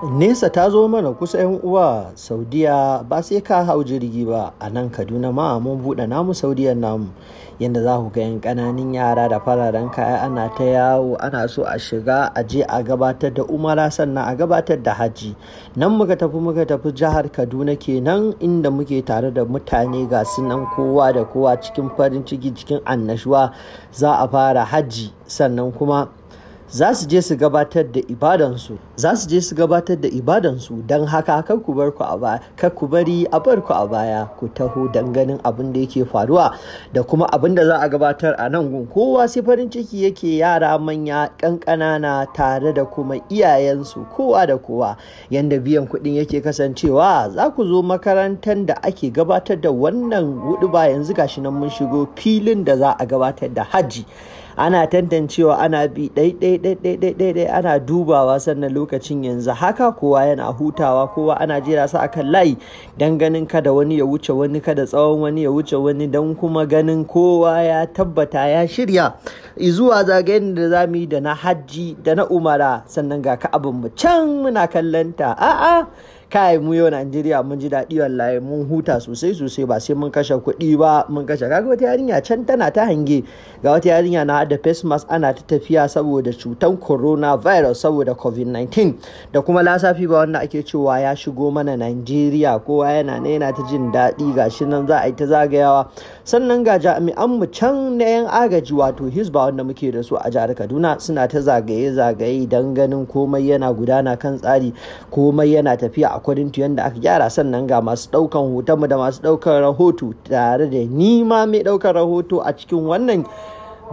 Nesa ta zo mana kusa 'yan uwa Saudiya ba sai ka hau jirgi ba a nan Kaduna ma mun buɗe namu Saudiyan namu yadda za ku ga 'yan ƙananan yara da fararen kaya ana ta yawo ana so a shiga a je a gabatar da umara sannan a gabatar da hajji nan muka tafi muka tafi jihar Kaduna kenan inda muke tare da mutane ga su nan kowa da kowa cikin farin ciki cikin annashuwa za a fara hajji sannan kuma za su je su gabatar da ibadansu za su je su gabatar da ibadansu don haka kar ku bar ku a baya bari a bar ku a baya ku taho don ganin abin da yake faruwa da kuma abin da za a gabatar a nan gun kowa sai farin ciki yake yara manya ƙanƙanana tare da kuma iyayensu kowa da kowa yanda biyan kuɗin yake kasancewa za ku zo makarantar da ake gabatar da wannan gudu ba yanzu gashi nan mun shigo filin da za a gabatar da hajji ana tantancewa ana bi ɗai ana dubawa sannan lokacin yanzu haka kowa yana hutawa kowa ana jera su akan layi dan ganin kada wani ya wuce wani kada tsawon wani ya wuce wani dan kuma ganin kowa ya tabbata ya shirya zuwa zagayen da za mu yi da na hajji da na umara sannan ga ka abin mu can muna kallanta a'a kai mu yau Najeriya mun ji daɗi wallahi mun huta sosai sosai ba sai mun kashe kuɗi ba mun kashe kaga wata yarinya can tana ta hange ga wata yarinya na da face mask ana ta tafiya saboda cutan coronavirus saboda covid-19 da kuma lasafi ba wanda ake cewa ya shigo mana Najeriya kowa yana ne yana ta jin daɗi gashi nan za a yi ta zagayawa sannan ga jami'an mu can na yan agaji wato hisba wanda muke da su a jihar Kaduna suna ta zagaye zagaye dan ganin komai yana gudana kan tsari komai yana tafiya according to yanda aka gyara sannan ga masu ɗaukan hotonmu da masu daukan rahoto tare da ni ma mai daukan rahoto a cikin wannan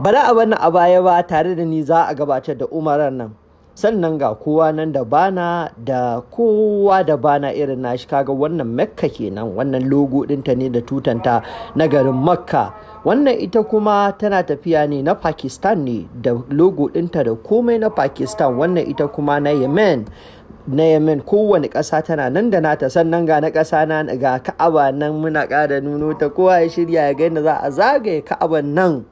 bara a wannan a baya ba tare da ni za a gabatar da umaran nan sannan ga kowa nan da bana da kowa da bana irin nashi kaga wannan makka kenan wannan logo ɗinta ne da tutanta na garin makka wannan ita kuma tana tafiya ne na pakistan ne da logo ɗinta da komai na pakistan wannan ita kuma na yemen na yamin kowane ƙasa tana nan da nata sannan ga na ƙasa na ga ka'aba nan muna ƙara nuno ta kowa ya shirya ya ga yadda za a zagaye ka'aban nan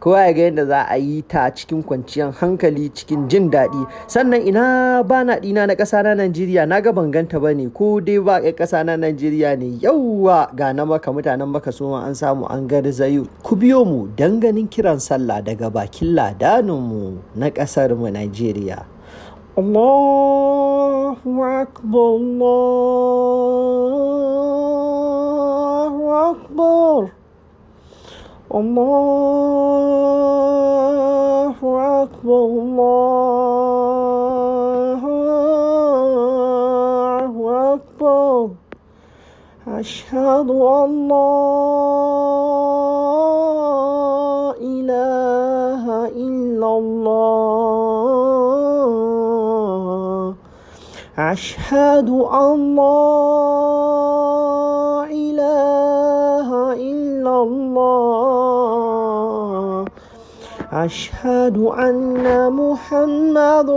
kowa ya ga yadda za a yi ta cikin kwanciyar hankali cikin jin daɗi sannan ina ba na ɗina na ƙasa na najeriya na ga banganta ba ne ko dai ba ƙasar ƙasa na najeriya ne yauwa ga na maka mutanen maka an samu an garzayu ku biyo mu danganin kiran sallah daga bakin mu na ƙasar mu najeriya الله أكبر الله أكبر الله أكبر الله أكبر أشهد أن لا إله أشهد أن لا إله إلا الله أشهد أن محمد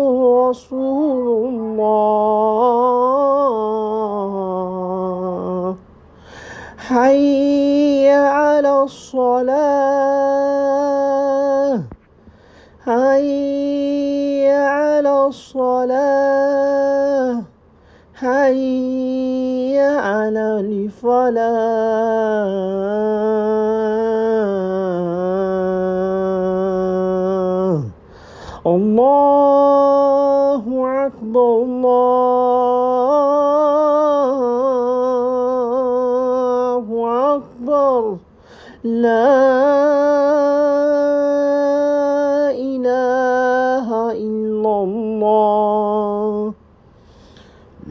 رسول الله حي على الصلاة حي على الصلاة حي على الفلاح الله أكبر الله أكبر لا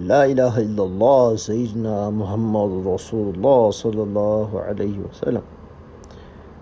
لا إله إلا الله سيدنا محمد رسول الله صلى الله عليه وسلم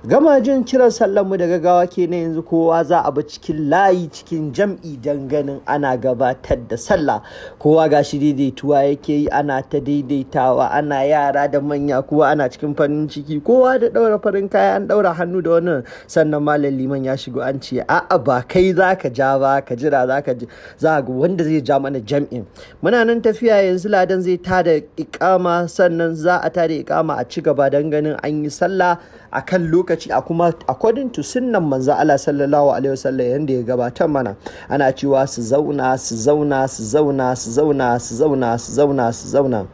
gama jin kiran sallanmu da gaggawa ke na yanzu kowa za a bi cikin layi cikin jam'i dan ganin ana gabatar da sallah kowa ga shi daidaituwa yake yi ana ta daidaitawa ana yara da manya kowa ana cikin farin ciki kowa da ɗaura farin kaya an ɗaura hannu da wannan sannan malam liman ya shigo an ce a'a ba kai za ka ja ba ka jira za ka za ga wanda zai ja mana jam'in muna nan tafiya yanzu ladan zai tara ikama sannan za a da ikama a ci gaba dan ganin an yi sallah a kan lokaci lokaci a kuma according to sunnan manzo Allah sallallahu alaihi wasallam yanda ya gabatar mana ana cewa su zauna su zauna su zauna su zauna su zauna su zauna su zauna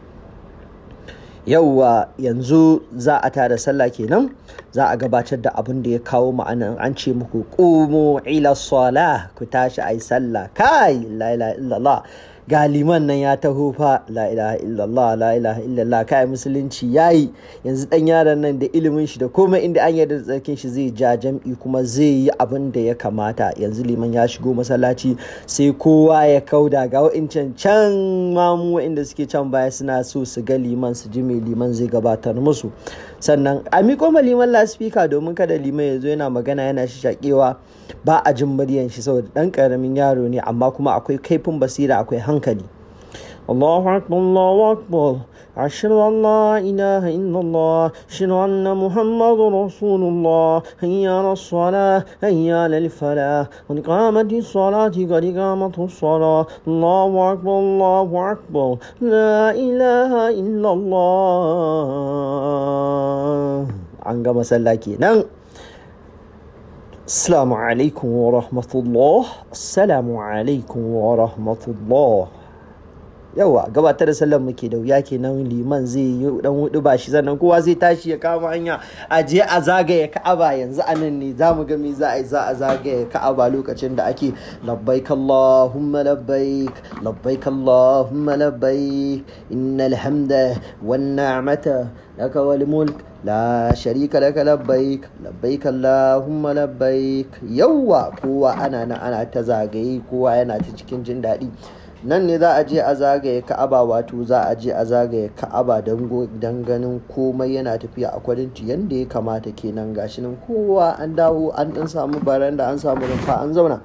yauwa yanzu za a tada sallah kenan za a gabatar da abin da ya kawo ma'ana an ce muku qumu ila salah ku tashi ai sallah kai la ilaha illallah ga liman nan ya taho fa la ilaha illallah la ilaha illallah kai musulunci yayi yanzu dan yaron nan da ilimin shi da komai inda an yarda tsarkin shi zai ja jam'i kuma zai yi abin da ya kamata yanzu liman ya shigo masallaci sai kowa ya kauda ga wa'incan can mamu wa'inda suke can baya suna so su ga liman su ji mai liman zai gabatar musu sannan a miko ma liman laspika domin kada liman ya zo yana magana yana shaƙewa ba a jin muryan shi saboda ɗan ƙaramin yaro ne amma kuma akwai kaifin basira akwai hankali الله أكبر الله أكبر أشهد أن لا إله إلا الله أشهد أن محمد رسول الله هيا على الصلاة هيا على الفلاح قد قامت الصلاة قد قامت الصلاة الله أكبر الله أكبر لا إله إلا الله عن gama sallah kenan السلام عليكم ورحمة الله assalamu alaikum yawa gabatar da sallar muke da wuya kenan liman zai yi dan hudu ba shi sannan kowa zai tashi ya kama hanya a je a zagaya ka'aba yanzu a nan ne zamu ga me za a yi za a zagaye ka'aba lokacin da ake labbaik allahumma labbaik labbaik allahumma labbaik innal hamda wan ni'mata laka wal mulk la sharika laka labbaik labbaik allahumma labbaik yawa kowa ana nan ana ta zagaye kowa yana ta cikin jin daɗi nan ne za a je a zagaye ka'aba wato za a je a zagaye ka'aba don ganin komai yana tafiya a kwadinci yadda ya kamata kenan gashi nan kowa an dawo an dan samu baranda an samu rumfa an zauna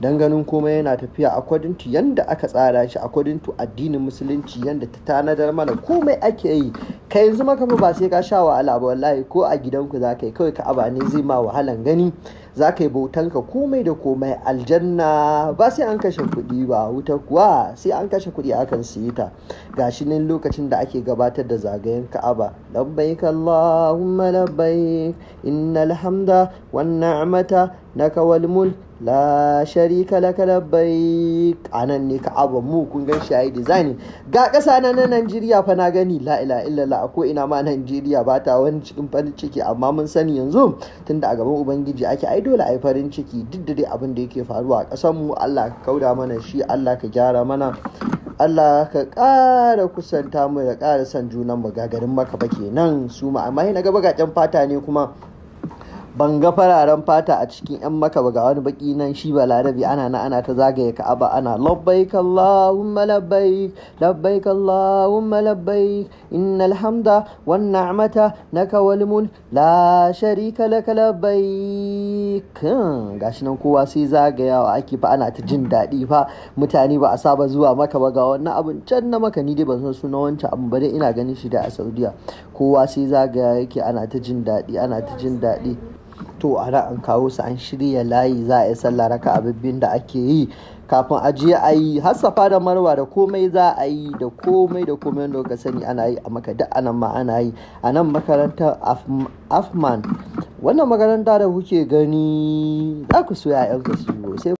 don ganin komai yana tafiya a kwadinci yadda aka tsara shi a kwadinci addinin musulunci yadda ta tanadar mana komai ake yi ka yanzu maka ba sai ka sha wahala ba wallahi ko a gidanku za ka yi kawai ka'aba ne zai ma wahalan gani za ka yi ka komai da komai aljanna ba sai an kashe kuɗi ba wuta kuwa sai an kashe kuɗi akan siyi ta shi nan lokacin da ake gabatar da zagayen ka'aba labbaik allahumma labbaik innal hamda wan ni'mata naka wal mulk la sharika laka labbaik anan ne ka'aba mu kun gan shi yayi design ga ƙasa na na Najeriya fa na gani la ila a ko ina ma Najeriya ba ta wani cikin farin ciki amma mun sani yanzu tunda a gaban ubangiji ake ai dole ai farin ciki duk da abin da yake faruwa a mu Allah ka kauda mana shi Allah ka gyara mana Allah ka ƙara kusanta mu da ƙara san junan mu gagarin maka ba kenan su ma amma na gaba gaƙen fata ne kuma ban ga fararen fata a cikin 'yan maka ba ga wani baki nan shi ba larabi ana na ana ta zagaye ka'aba ana labbai allahumma labbaik labbai allahumma labbaik innal hamda wan ni'mata naka wal mulk la sharika laka labbaik hmm, gashi nan kowa sai zagayawa ake fa ana ta jin daɗi fa mutane ba a saba zuwa maka ba ga wannan abin can na maka ni dai ban san suna wancan abin ba dai ina ganin shi da a Saudiya kowa sai zagaya yake ana ta jin daɗi ana ta jin daɗi to a an kawo su an shirya layi za a yi sallah raka abubbin da ake yi kafin a a yi hassafa da marwa da komai za a yi da komai da komai wanda ka sani ana yi a maka duk anan ma ana yi a nan makarantar afman wannan makaranta da kuke gani za ku so 'ya'yanku su sai